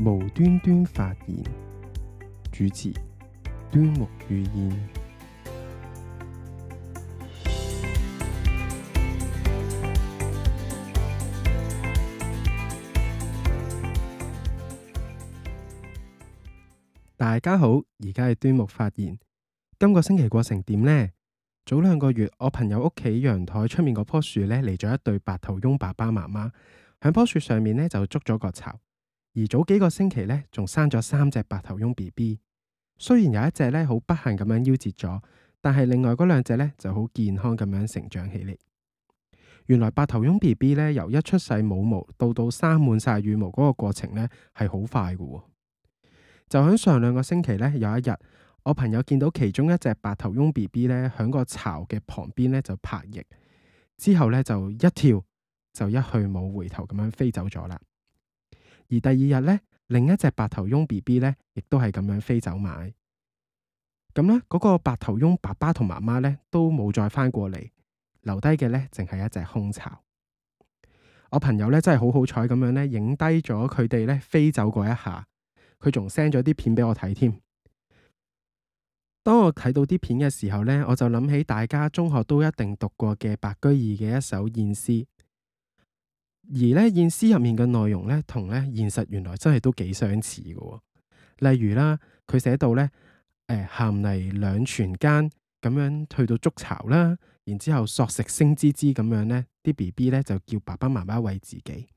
無端端發言，主持端木遇燕。大家好，而家係端木發言。今個星期過成點呢？早兩個月，我朋友屋企陽台出面嗰棵樹呢，嚟咗一對白頭翁爸爸媽媽，喺棵樹上面呢就築咗個巢。而早幾個星期呢，仲生咗三隻白頭翁 B B，雖然有一隻呢好不幸咁樣夭折咗，但係另外嗰兩隻呢就好健康咁樣成長起嚟。原來白頭翁 B B 呢由一出世冇毛到到生滿晒羽毛嗰個過程呢係好快㗎，就響上兩個星期呢，有一日，我朋友見到其中一隻白頭翁 B B 呢響個巢嘅旁邊呢就拍翼，之後呢就一跳就一去冇回頭咁樣飛走咗啦。而第二日呢，另一隻白頭翁 B B 呢亦都係咁樣飛走埋。咁呢嗰、嗰個白頭翁爸爸同媽媽呢都冇再翻過嚟，留低嘅呢淨係一隻空巢。我朋友呢真係好好彩咁樣呢影低咗佢哋呢飛走嗰一下，佢仲 send 咗啲片俾我睇添。當我睇到啲片嘅時候呢，我就諗起大家中學都一定讀過嘅白居易嘅一首燕詩。現而呢燕詩入面嘅內容呢，同呢現實原來真係都幾相似嘅、哦。例如啦，佢寫到呢：呃「誒，銜泥兩椽間，咁樣退到築巢啦，然之後索食聲吱吱咁樣呢，啲 B B 呢就叫爸爸媽媽餵自己。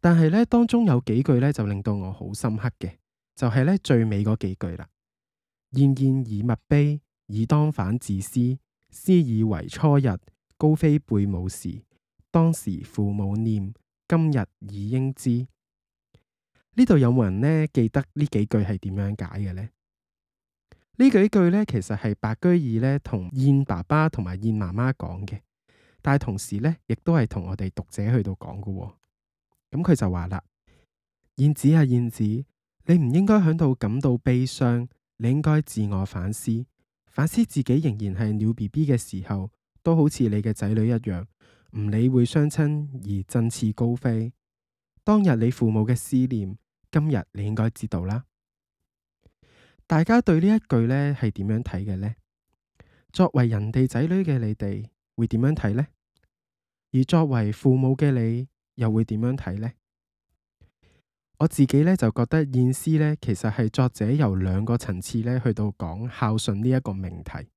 但係呢，當中有幾句呢就令到我好深刻嘅，就係、是、呢最尾嗰幾句啦。燕燕爾勿悲，爾當反自思，思爾為雛日高飛背母時。當時父母念，今日已應知。呢度有冇人呢記得呢幾句係點樣解嘅呢？呢幾句呢其實係白居易呢同燕爸爸同埋燕媽媽講嘅，但係同時呢，亦都係同我哋讀者去到講嘅、哦。咁、嗯、佢就話啦：燕子啊，燕子，你唔應該響度感到悲傷，你應該自我反思，反思自己仍然係鳥 B B 嘅時候，都好似你嘅仔女一樣。唔理會雙親而振翅高飛，當日你父母嘅思念，今日你應該知道啦。大家對呢一句呢係點樣睇嘅呢？作為人哋仔女嘅你哋會點樣睇呢？而作為父母嘅你又會點樣睇呢？我自己呢，就覺得現，燕詩呢其實係作者由兩個層次呢去到講孝順呢一個命題。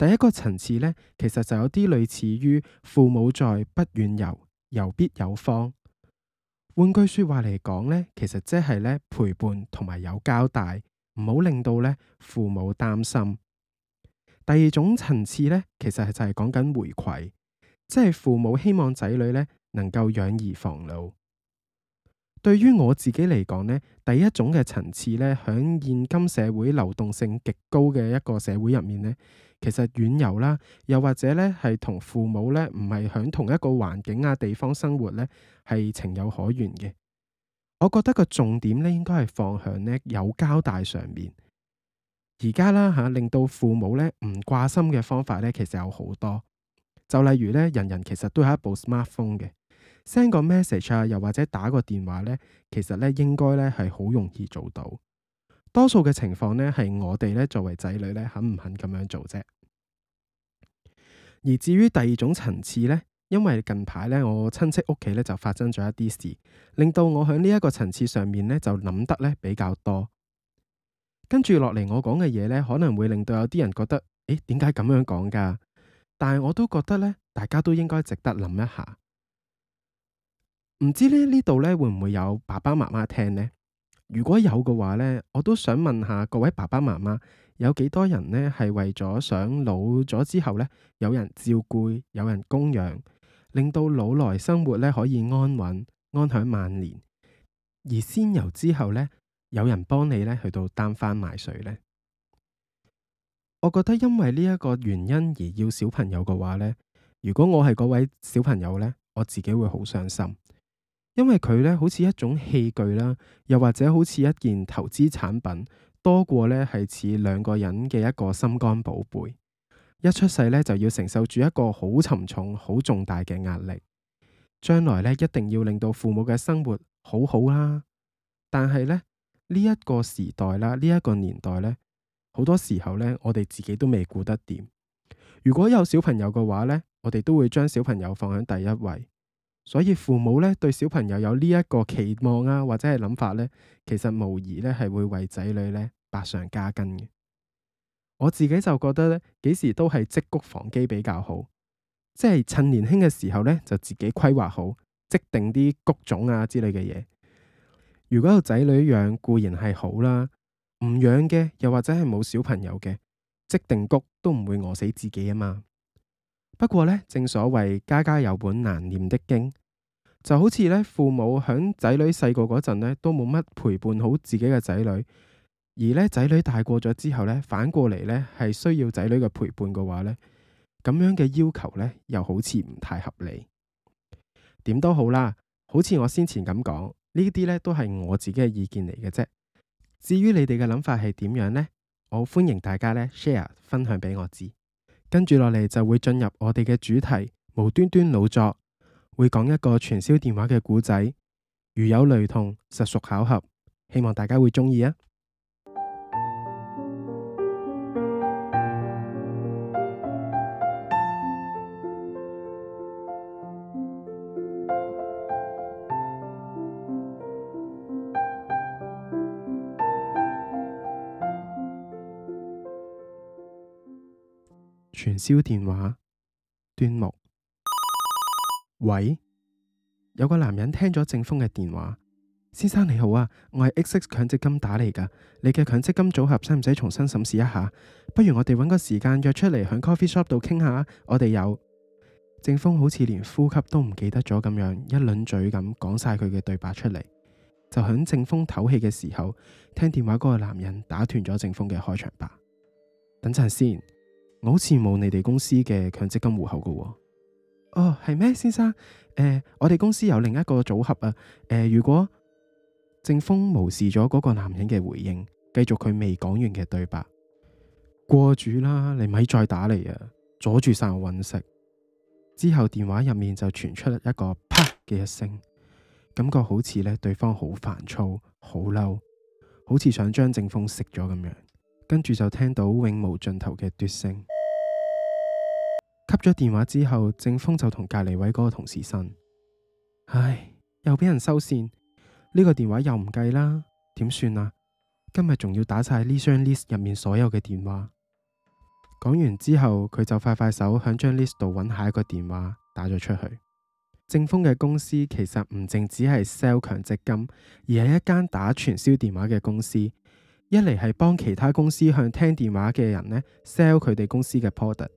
第一個層次呢，其實就有啲類似於父母在，不遠遊，遊必有方。換句說話嚟講呢，其實即係呢，陪伴同埋有交代，唔好令到呢父母擔心。第二種層次呢，其實係就係講緊回饋，即係父母希望仔女呢能夠養兒防老。對於我自己嚟講呢，第一種嘅層次呢，喺現今社會流動性極高嘅一個社會入面呢。其實遠遊啦，又或者咧係同父母咧唔係喺同一個環境啊地方生活咧，係情有可原嘅。我覺得個重點咧，應該係放向呢有交帶上面。而家啦吓、啊，令到父母咧唔掛心嘅方法咧，其實有好多。就例如咧，人人其實都係一部 smartphone 嘅，send 個 message 啊，又或者打個電話咧，其實咧應該咧係好容易做到。多數嘅情況呢，係我哋呢作為仔女呢，肯唔肯咁樣做啫。而至於第二種層次呢，因為近排呢，我親戚屋企呢就發生咗一啲事，令到我喺呢一個層次上面呢就諗得呢比較多。跟住落嚟我講嘅嘢呢可能會令到有啲人覺得，誒，點解咁樣講噶？但係我都覺得呢，大家都應該值得諗一下。唔知呢呢度呢，會唔會有爸爸媽媽聽呢？如果有嘅話呢，我都想問下各位爸爸媽媽，有幾多人呢係為咗想老咗之後呢，有人照顧、有人供養，令到老來生活呢可以安穩、安享晚年，而先由之後呢，有人幫你呢去到擔幡買水呢。我覺得因為呢一個原因而要小朋友嘅話呢，如果我係嗰位小朋友呢，我自己會好傷心。因為佢咧好似一種器具啦，又或者好似一件投資產品多過咧係似兩個人嘅一個心肝寶貝，一出世咧就要承受住一個好沉重、好重大嘅壓力，將來咧一定要令到父母嘅生活好好啦。但係呢，呢一個時代啦，呢一個年代咧，好多時候咧我哋自己都未顧得掂。如果有小朋友嘅話咧，我哋都會將小朋友放喺第一位。所以父母咧對小朋友有呢一個期望啊，或者係諗法咧，其實無疑咧係會為仔女咧百上加斤嘅。我自己就覺得咧，幾時都係積谷防饑比較好，即係趁年輕嘅時候咧就自己規劃好，積定啲谷種啊之類嘅嘢。如果有仔女養固然係好啦，唔養嘅又或者係冇小朋友嘅，積定谷都唔會餓死自己啊嘛。不過咧，正所謂家家有本難念的經。就好似咧，父母響仔女細個嗰陣咧，都冇乜陪伴好自己嘅仔女，而咧仔女大個咗之後咧，反過嚟咧係需要仔女嘅陪伴嘅話咧，咁樣嘅要求咧，又好似唔太合理。點都好啦，好似我先前咁講，呢啲咧都係我自己嘅意見嚟嘅啫。至於你哋嘅諗法係點樣呢？我歡迎大家咧 share 分享俾我知。跟住落嚟就會進入我哋嘅主題，無端端老作。會講一個傳銷電話嘅故仔，如有雷同，實屬巧合，希望大家會鍾意啊！傳銷電話，端木。喂，有個男人聽咗正風嘅電話。先生你好啊，我係 X Six 強積金打嚟噶，你嘅強積金組合使唔使重新審視一下？不如我哋揾個時間約出嚟響 coffee shop 度傾下。我哋有正風，好似連呼吸都唔記得咗咁樣，一輪嘴咁講晒佢嘅對白出嚟。就響正風唞氣嘅時候，聽電話嗰個男人打斷咗正風嘅開場白。等陣先，我好似冇你哋公司嘅強積金戶口噶喎。哦，係咩，先生？誒、呃，我哋公司有另一個組合啊。誒、呃，如果正風無視咗嗰個男人嘅回應，繼續佢未講完嘅對白，過主啦，你咪再打嚟啊，阻住晒我揾食。之後電話入面就傳出一個啪嘅一聲，感覺好似呢對方好煩躁、好嬲，好似想將正風食咗咁樣。跟住就聽到永無盡頭嘅嘟聲。接咗電話之後，正峰就同隔籬位嗰個同事呻：唉，又俾人收線，呢個電話又唔計啦，點算啊？今日仲要打晒呢張 list 入面所有嘅電話。講完之後，佢就快快手響張 list 度揾下一個電話打咗出去。正峰嘅公司其實唔淨只係 sell 強積金，而係一間打傳銷電話嘅公司。一嚟係幫其他公司向聽電話嘅人呢 sell 佢哋公司嘅 product。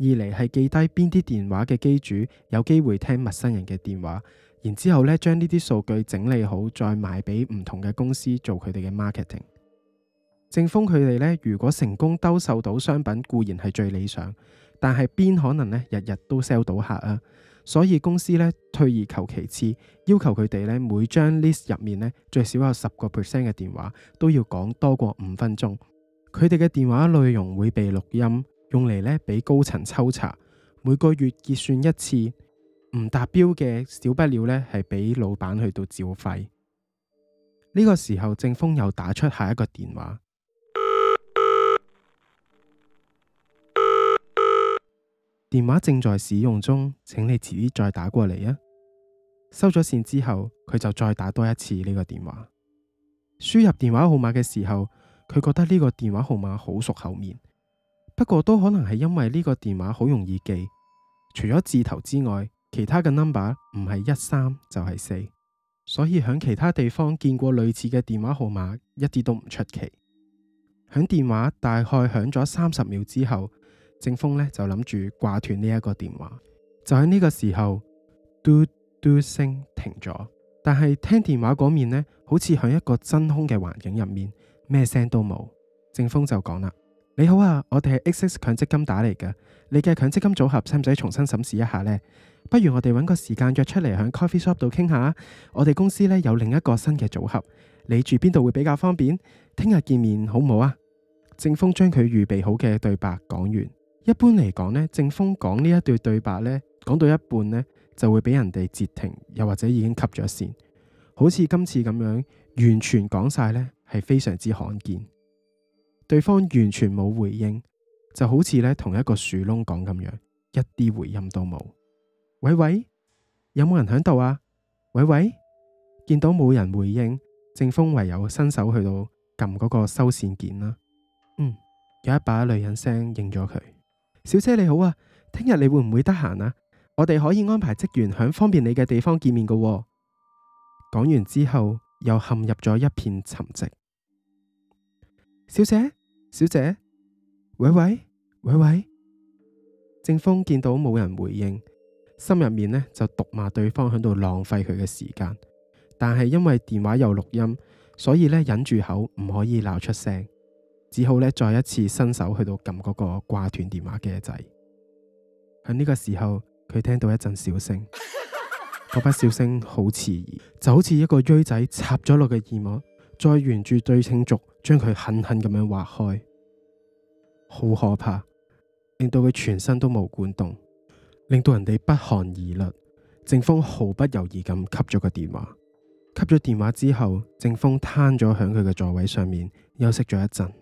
二嚟係記低邊啲電話嘅機主有機會聽陌生人嘅電話，然之後咧將呢啲數據整理好，再賣俾唔同嘅公司做佢哋嘅 marketing。正豐佢哋呢，如果成功兜售到商品固然係最理想，但係邊可能咧，日日都 sell 到客啊？所以公司呢，退而求其次，要求佢哋呢，每張 list 入面呢，最少有十個 percent 嘅電話都要講多過五分鐘，佢哋嘅電話內容會被錄音。用嚟咧，俾高層抽查，每個月結算一次，唔達標嘅，少不了咧係俾老闆去到照肺。呢個時候，正峰又打出下一個電話，電話正在使用中，請你遲啲再打過嚟啊！收咗線之後，佢就再打多一次呢個電話。輸入電話號碼嘅時候，佢覺得呢個電話號碼好熟口面。不過都可能係因為呢個電話好容易記，除咗字頭之外，其他嘅 number 唔係一三就係四，所以喺其他地方見過類似嘅電話號碼一啲都唔出奇。響電話大概響咗三十秒之後，正風呢就諗住掛斷呢一個電話，就喺呢個時候嘟嘟聲停咗，但係聽電話嗰面呢，好似響一個真空嘅環境入面，咩聲都冇。正風就講啦。你好啊，我哋係 X X 強積金打嚟噶，你嘅強積金組合使唔使重新審視一下呢？不如我哋搵個時間約出嚟喺 coffee shop 度傾下。我哋公司呢有另一個新嘅組合，你住邊度會比較方便？聽日見面好唔好啊？正風將佢預備好嘅對白講完，一般嚟講呢，正風講呢一段對白呢，講到一半呢，就會俾人哋截停，又或者已經吸咗線，好似今次咁樣完全講晒呢，係非常之罕見。對方完全冇回應，就好似咧同一個樹窿講咁樣，一啲回音都冇。喂喂，有冇人響度啊？喂喂，見到冇人回應，正風唯有伸手去到撳嗰個收線鍵啦、啊。嗯，有一把女人聲應咗佢。小姐你好啊，聽日你會唔會得閒啊？我哋可以安排職員響方便你嘅地方見面噶、哦。講完之後，又陷入咗一片沉寂。小姐。小姐，喂喂喂喂，正風見到冇人回應，心入面呢就毒罵對方響度浪費佢嘅時間，但係因為電話有錄音，所以呢忍住口唔可以鬧出聲，只好呢再一次伸手去到撳嗰個掛斷電話嘅掣。喺呢個時候，佢聽到一陣笑聲，嗰把笑個小聲好遲疑，就好似一個錐仔插咗落嘅耳膜，再沿住對稱軸，將佢狠狠咁樣劃開，好可怕，令到佢全身都毛管動，令到人哋不寒而栗。正風毫不猶豫咁吸咗個電話，吸咗電話之後，正風癱咗響佢嘅座位上面休息咗一陣，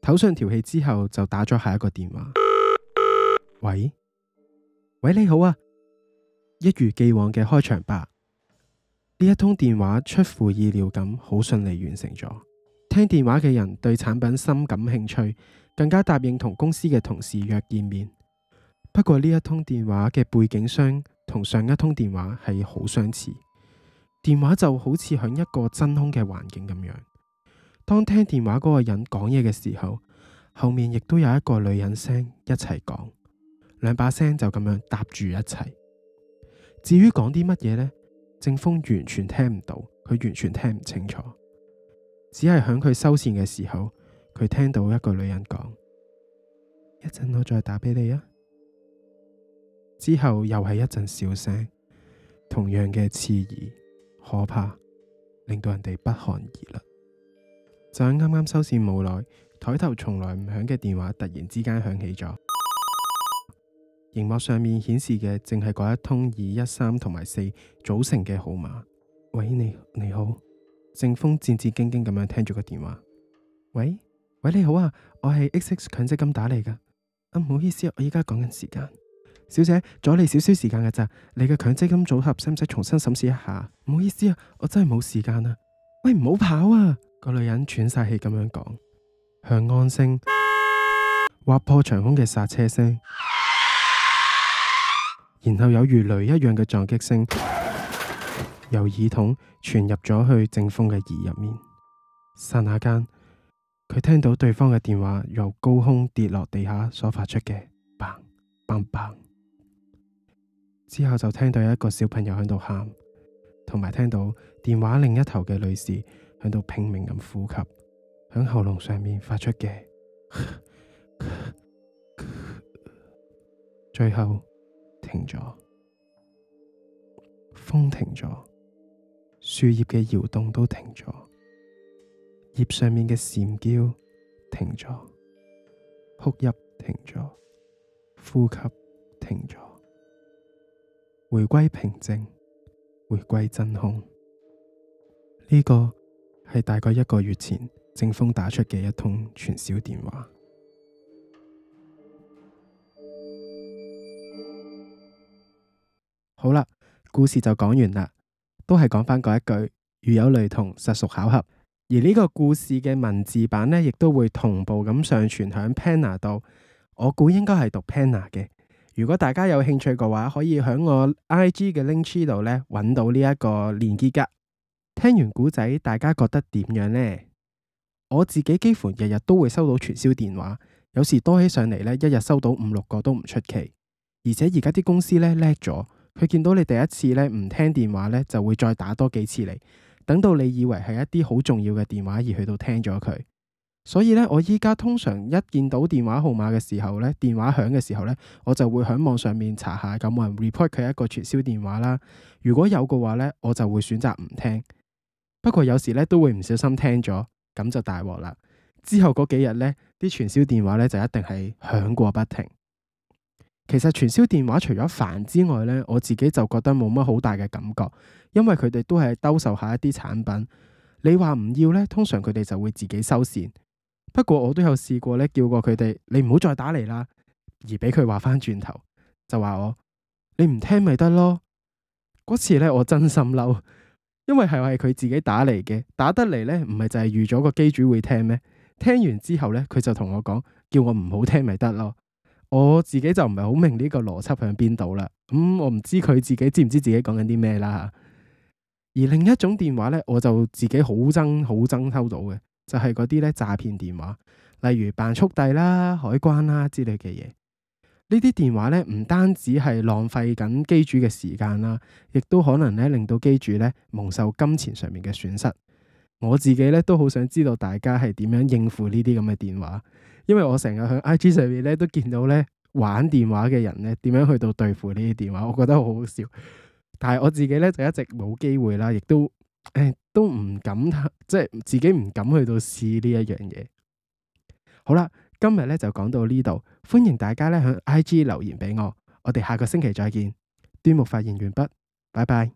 抖上條氣之後就打咗下一個電話。喂，喂，你好啊，一如既往嘅開場白。呢一通電話出乎意料咁好順利完成咗。聽電話嘅人對產品深感興趣，更加答應同公司嘅同事約見面。不過呢一通電話嘅背景聲同上一通電話係好相似，電話就好似響一個真空嘅環境咁樣。當聽電話嗰個人講嘢嘅時候，後面亦都有一個女人聲一齊講，兩把聲就咁樣搭住一齊。至於講啲乜嘢呢？正風完全聽唔到，佢完全聽唔清楚。只係響佢收線嘅時候，佢聽到一個女人講，一陣我再打俾你啊！之後又係一陣笑聲，同樣嘅刺耳，可怕，令到人哋不寒而栗。就喺啱啱收線冇耐，枱頭從來唔響嘅電話突然之間響起咗，熒幕上面顯示嘅淨係嗰一通二一三同埋四組成嘅號碼。喂，你你好。正風戰戰兢兢咁樣聽住個電話，喂喂，你好啊，我係 X X 強積金打嚟噶。啊唔好意思、啊，我依家趕緊時間，小姐阻你少少時間噶咋，你嘅強積金組合使唔使重新審視一下？唔好意思啊，我真係冇時間啊，喂唔好跑啊！個女人喘晒氣咁樣講，向安聲劃破長空嘅剎車聲，然後有如雷一樣嘅撞擊聲。由耳筒傳入咗去正風嘅耳入面，剎那間佢聽到對方嘅電話由高空跌落地下所發出嘅砰砰砰，之後就聽到一個小朋友喺度喊，同埋聽到電話另一頭嘅女士喺度拼命咁呼吸，響喉嚨上面發出嘅「咳咳咳」。最後停咗，風停咗。樹葉嘅搖動都停咗，葉上面嘅蟬叫停咗，哭泣停咗，呼吸停咗，回歸平靜，回歸真空。呢、這個係大概一個月前正風打出嘅一通傳銷電話。好啦，故事就講完啦。都係講返嗰一句，如有雷同，實屬巧合。而呢個故事嘅文字版呢，亦都會同步咁上傳喺 Penana 度。我估應該係讀 Penana 嘅。如果大家有興趣嘅話，可以響我 IG 嘅 Linktree 度呢揾到呢一個鏈接噶。聽完古仔，大家覺得點樣呢？我自己幾乎日日都會收到傳銷電話，有時多起上嚟呢，一日收到五六個都唔出奇。而且而家啲公司呢，叻咗。佢見到你第一次咧，唔聽電話咧，就會再打多幾次嚟，等到你以為係一啲好重要嘅電話而去到聽咗佢。所以咧，我依家通常一見到電話號碼嘅時候咧，電話響嘅時候咧，我就會喺網上面查下有冇人 report 佢一個傳銷電話啦。如果有嘅話咧，我就會選擇唔聽。不過有時咧都會唔小心聽咗，咁就大鑊啦。之後嗰幾日咧，啲傳銷電話咧就一定係響過不停。其實傳銷電話除咗煩之外呢，我自己就覺得冇乜好大嘅感覺，因為佢哋都係兜售下一啲產品。你話唔要呢，通常佢哋就會自己收線。不過我都有試過呢，叫過佢哋你唔好再打嚟啦，而俾佢話翻轉頭，就話我你唔聽咪得咯。嗰次呢，我真心嬲，因為係係佢自己打嚟嘅，打得嚟呢，唔係就係預咗個機主會聽咩？聽完之後呢，佢就同我講叫我唔好聽咪得咯。我自己就唔係好明呢個邏輯喺邊度啦，咁、嗯、我唔知佢自己知唔知自己講緊啲咩啦。而另一種電話呢，我就自己好憎好憎收到嘅，就係嗰啲咧詐騙電話，例如扮速遞啦、海關啦之類嘅嘢。呢啲電話呢，唔單止係浪費緊機主嘅時間啦，亦都可能咧令到機主咧蒙受金錢上面嘅損失。我自己咧都好想知道大家係點樣應付呢啲咁嘅電話。因為我成日喺 I G 上面咧都見到咧玩電話嘅人咧點樣去到對付呢啲電話，我覺得好好笑。但係我自己咧就一直冇機會啦，亦都誒、哎、都唔敢即係自己唔敢去到試呢一樣嘢。好啦，今日咧就講到呢度，歡迎大家咧喺 I G 留言俾我，我哋下個星期再見。端木發言完畢，拜拜。